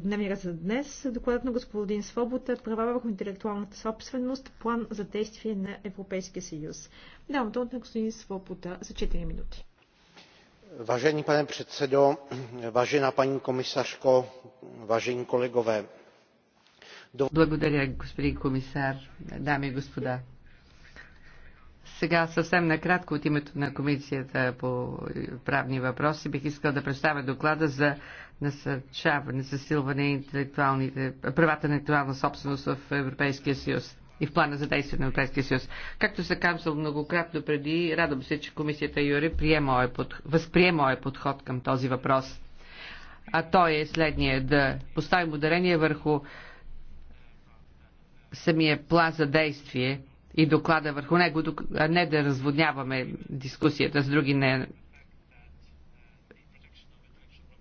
дневния ред за днес. Докладът на господин Свобода права върху интелектуалната собственост, план за действие на Европейския съюз. Давам думата на господин Свобода за 4 минути. Vážený pane předsedo, vážená paní komisařko, vážení kolegové. Благодаря, господин комисар, дами и господа. Сега съвсем накратко от името на Комисията по правни въпроси бих искал да представя доклада за насърчаване, засилване интелектуалните, правата на интелектуална собственост в Европейския съюз и в плана за действие на Европейския съюз. Както се казал многократно преди, радвам се, че комисията Юри възприема възприе моя подход към този въпрос. А той е следния да поставим ударение върху самия план за действие и доклада върху него, а не да разводняваме дискусията с други не,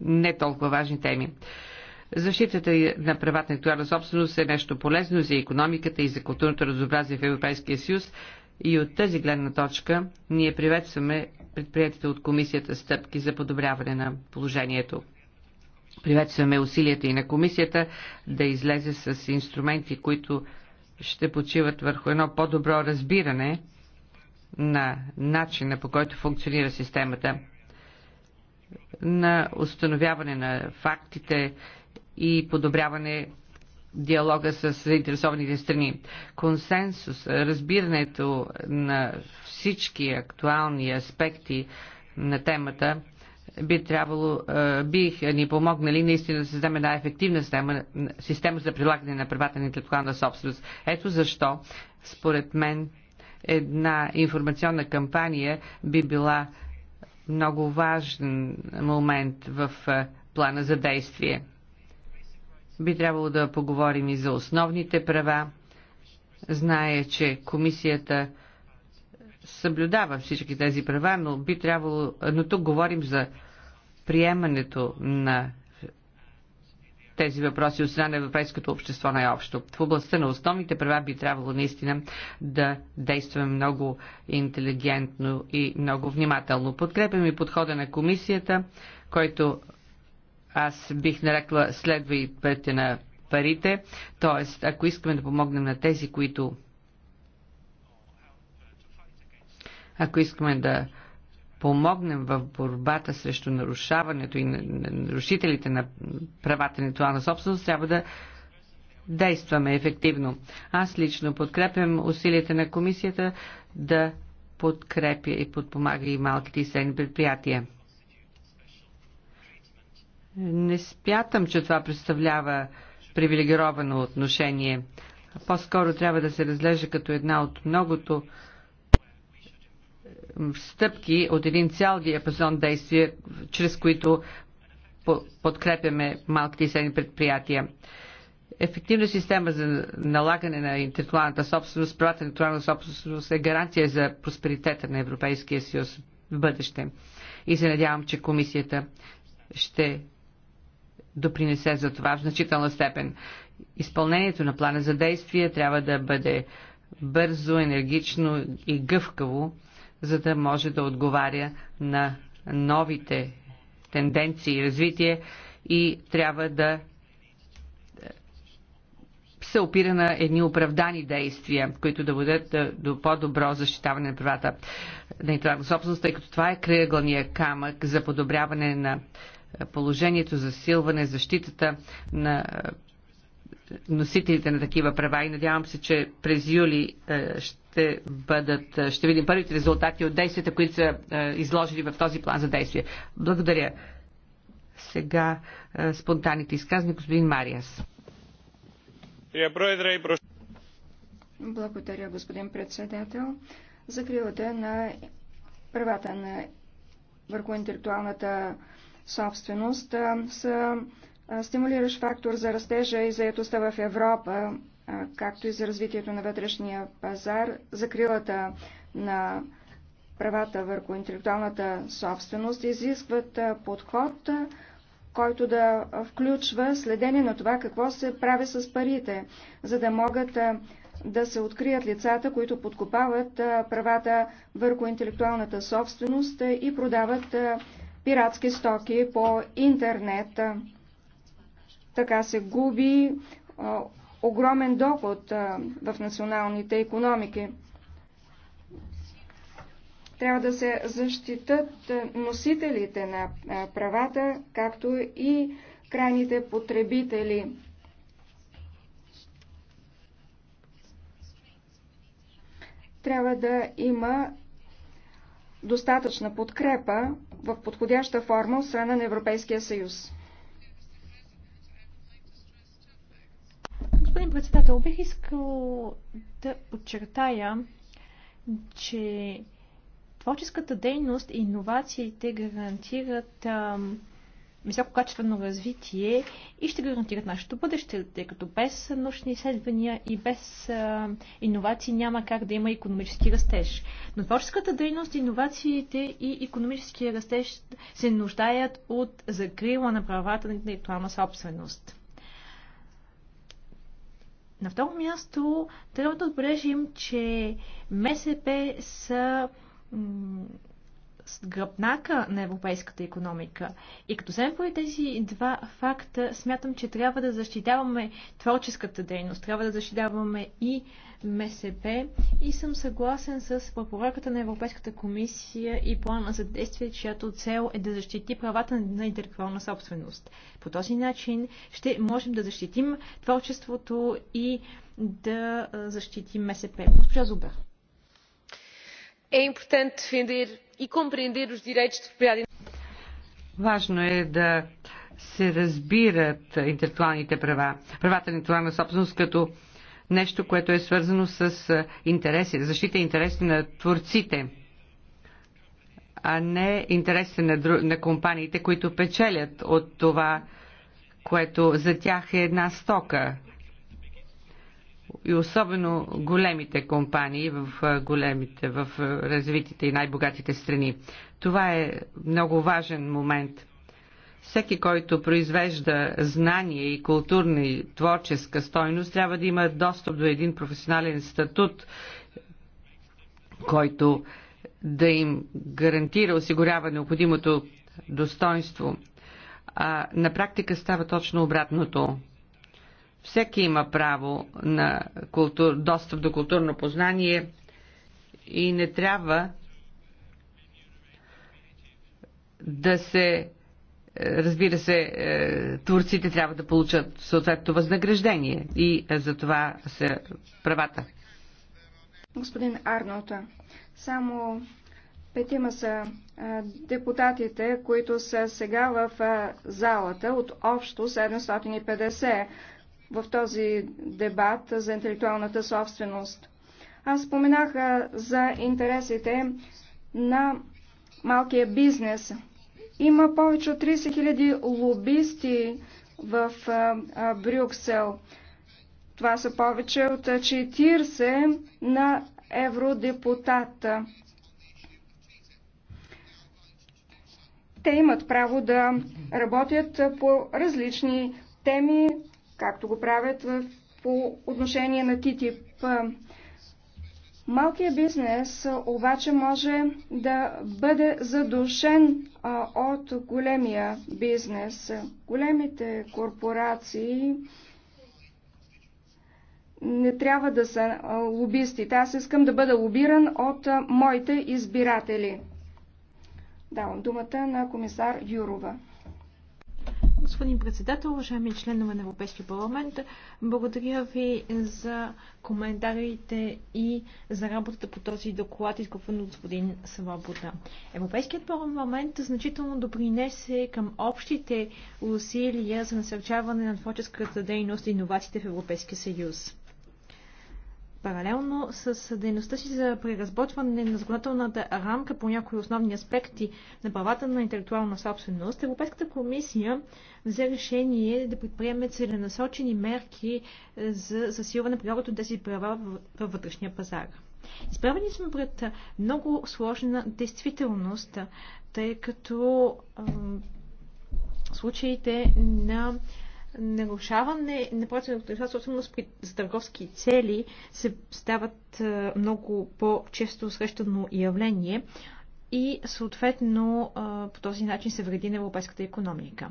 не толкова важни теми. Защитата на правата на интелектуална собственост е нещо полезно за економиката и за културното разобразие в Европейския съюз и от тази гледна точка ние приветстваме предприятите от комисията стъпки за подобряване на положението. Приветстваме усилията и на комисията да излезе с инструменти, които ще почиват върху едно по-добро разбиране на начина по който функционира системата, на установяване на фактите и подобряване диалога с заинтересованите страни. Консенсус, разбирането на всички актуални аспекти на темата би трябвало, е, бих ни помогнали наистина да създаме една ефективна система, система за прилагане на правата на интелектуална собственост. Ето защо, според мен, една информационна кампания би била много важен момент в е, плана за действие. Би трябвало да поговорим и за основните права. Зная, че комисията съблюдава всички тези права, но би трябвало... Но тук говорим за приемането на тези въпроси от страна на европейското общество най-общо. В областта на основните права би трябвало наистина да действаме много интелигентно и много внимателно. Подкрепям и подхода на комисията, който аз бих нарекла следва и пътя на парите. Тоест, ако искаме да помогнем на тези, които Ако искаме да помогнем в борбата срещу нарушаването и нарушителите на правата на това на собственост, трябва да действаме ефективно. Аз лично подкрепям усилията на комисията да подкрепя и подпомага и малките и средни предприятия. Не спятам, че това представлява привилегировано отношение. По-скоро трябва да се разглежда като една от многото стъпки от един цял диапазон действия, чрез които подкрепяме малките и средни предприятия. Ефективна система за налагане на интелектуалната собственост, правата на интелектуална собственост е гаранция за просперитета на Европейския съюз в бъдеще. И се надявам, че комисията ще допринесе за това в значителна степен. Изпълнението на плана за действие трябва да бъде бързо, енергично и гъвкаво, за да може да отговаря на новите тенденции и развитие и трябва да се опира на едни оправдани действия, които да бъдат до по-добро защитаване на правата на интелектуална собственост, тъй като това е кръгълния камък за подобряване на положението, засилване, защитата на носителите на такива права и надявам се, че през юли ще ще бъдат, ще видим първите резултати от действията, които са изложили в този план за действие. Благодаря. Сега спонтанните изказни, господин Мариас. Благодаря, господин председател. Закрилата на правата на върху интелектуалната собственост са стимулиращ фактор за растежа и заетостта в Европа както и за развитието на вътрешния пазар, закрилата на правата върху интелектуалната собственост изискват подход, който да включва следение на това какво се прави с парите, за да могат да се открият лицата, които подкопават правата върху интелектуалната собственост и продават пиратски стоки по интернет. Така се губи огромен доход в националните економики. Трябва да се защитат носителите на правата, както и крайните потребители. Трябва да има достатъчна подкрепа в подходяща форма от страна на Европейския съюз. председател, бих искал да подчертая, че творческата дейност и иновациите гарантират ам, висококачествено развитие и ще гарантират нашето бъдеще, тъй като без научни изследвания и без иновации няма как да има економически растеж. Но творческата дейност, иновациите и економическия растеж се нуждаят от закрила на правата на интелектуална собственост. На второ място трябва да отбележим, че МСП са гръбнака на европейската економика. И като вземем по тези два факта, смятам, че трябва да защитаваме творческата дейност, трябва да защитаваме и МСП и съм съгласен с препоръката на Европейската комисия и плана за действие, чиято цел е да защити правата на интелектуална собственост. По този начин ще можем да защитим творчеството и да защитим МСП. Госпожа Зубер е importante defender и e compreender os direitos de propriedade Важно е да се разбират интелектуалните права, правата на интелектуална собственост като нещо, което е свързано с интереси, защита интереси на творците, а не интереси на, дру... на компаниите, които печелят от това, което за тях е една стока и особено големите компании в големите, в развитите и най-богатите страни. Това е много важен момент. Всеки, който произвежда знание и културна и творческа стойност, трябва да има достъп до един професионален статут, който да им гарантира, осигурява необходимото достоинство. А на практика става точно обратното всеки има право на култур, достъп до културно познание и не трябва да се. Е, разбира се, е, турците трябва да получат съответно възнаграждение и е, за това са правата. Господин Арнолта, само петима са депутатите, които са сега в залата от общо 750 в този дебат за интелектуалната собственост. Аз споменах за интересите на малкия бизнес. Има повече от 30 000 лобисти в Брюксел. Това са повече от 40 на евродепутата. Те имат право да работят по различни теми както го правят по отношение на ТТИП. Малкият бизнес обаче може да бъде задушен от големия бизнес. Големите корпорации не трябва да са лобисти. Аз искам да бъда лобиран от моите избиратели. Давам думата на комисар Юрова. Господин председател, уважаеми членове на Европейския парламент, благодаря ви за коментарите и за работата по този доклад, изкупен от господин Свобода. Европейският парламент значително допринесе към общите усилия за насърчаване на творческата дейност и иновациите в Европейския съюз. Паралелно с дейността си за преразбочване на законодателната рамка по някои основни аспекти на правата на интелектуална собственост, Европейската комисия взе решение да предприеме целенасочени мерки е, за засилване прилагането тези права във вътрешния пазар. Изправени сме пред много сложна действителност, тъй като случаите на нарушаване на процедурната собственост при, за търговски цели се стават много по-често срещано явление и съответно по този начин се вреди на европейската економика.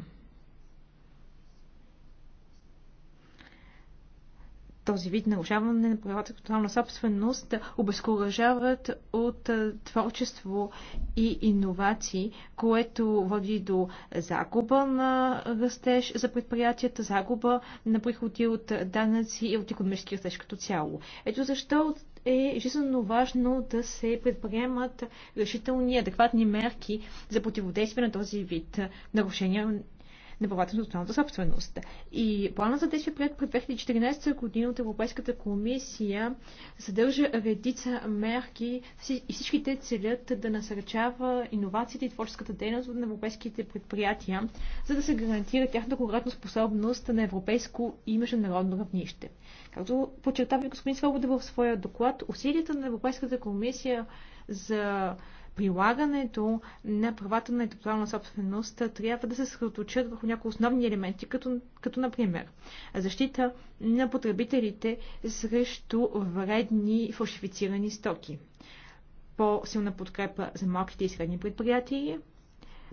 този вид нарушаване на правилата културна собственост обезкуражават от творчество и иновации, което води до загуба на растеж за предприятията, загуба на приходи от данъци и от економически растеж като цяло. Ето защо е жизненно важно да се предприемат решителни, адекватни мерки за противодействие на този вид нарушения на правата на социалната собственост. И планът за действие пред 2014 година от Европейската комисия съдържа редица мерки и всички те целят да насърчава иновациите и творческата дейност на европейските предприятия, за да се гарантира тяхната конкретна способност на европейско и международно равнище. Както подчертава господин Свобода в своя доклад, усилията на Европейската комисия за прилагането на правата на интелектуална собственост трябва да се съсредоточат върху някои основни елементи, като, като например защита на потребителите срещу вредни фалшифицирани стоки, по-силна подкрепа за малките и средни предприятия,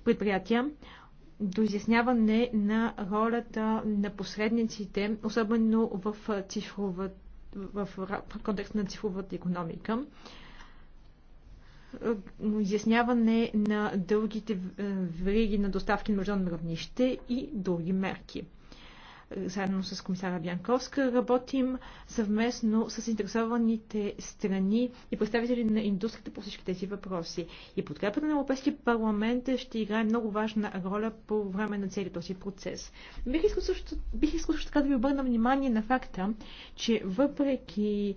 предприятия до изясняване на ролята на посредниците, особено в цифровата в, в контекст на цифровата економика изясняване на дългите е, вериги на доставки на международно равнище и други мерки. Заедно с комисара Бянковска работим съвместно с интересованите страни и представители на индустрията по всички тези въпроси. И подкрепата на Европейския парламент ще играе много важна роля по време на целият този процес. Бих искал също, бих искал също така да ви обърна внимание на факта, че въпреки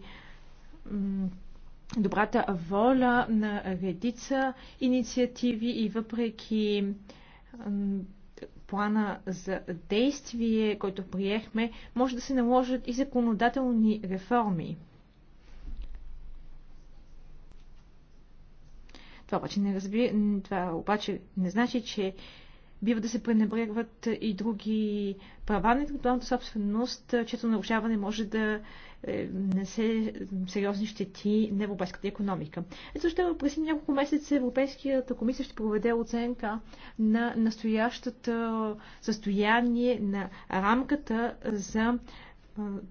добрата воля на редица инициативи и въпреки плана за действие, който приехме, може да се наложат и законодателни реформи. Това обаче не, разби... Това обаче не значи, че бива да се пренебрегват и други права на интелектуалната собственост, чието нарушаване може да е, несе сериозни щети на европейската економика. Ето също, през няколко месеца Европейската комисия ще проведе оценка на настоящата състояние на рамката за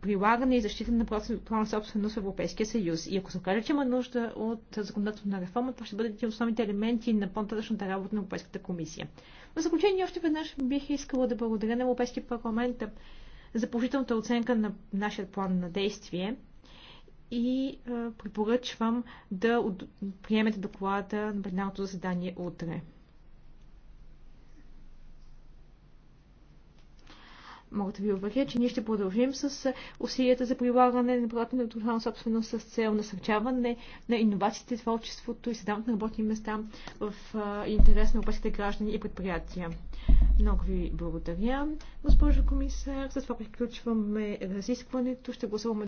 прилагане и защита на на собственост в Европейския съюз. И ако се окаже, че има нужда от на реформа, това ще бъдат един основните елементи на по-нататъчната работа на Европейската комисия. В заключение още веднъж бих искала да благодаря на Европейския парламент за положителната оценка на нашия план на действие и препоръчвам да приемете доклада на пленарното заседание утре. Мога да ви уверя, че ние ще продължим с е, усилията за прилагане на правата на интелектуална собственост с цел насърчаване на иновациите, творчеството и създаването на работни места в е, интерес на европейските граждани и предприятия. Много ви благодаря, госпожо комисар. С това приключваме разискването. Ще гласуваме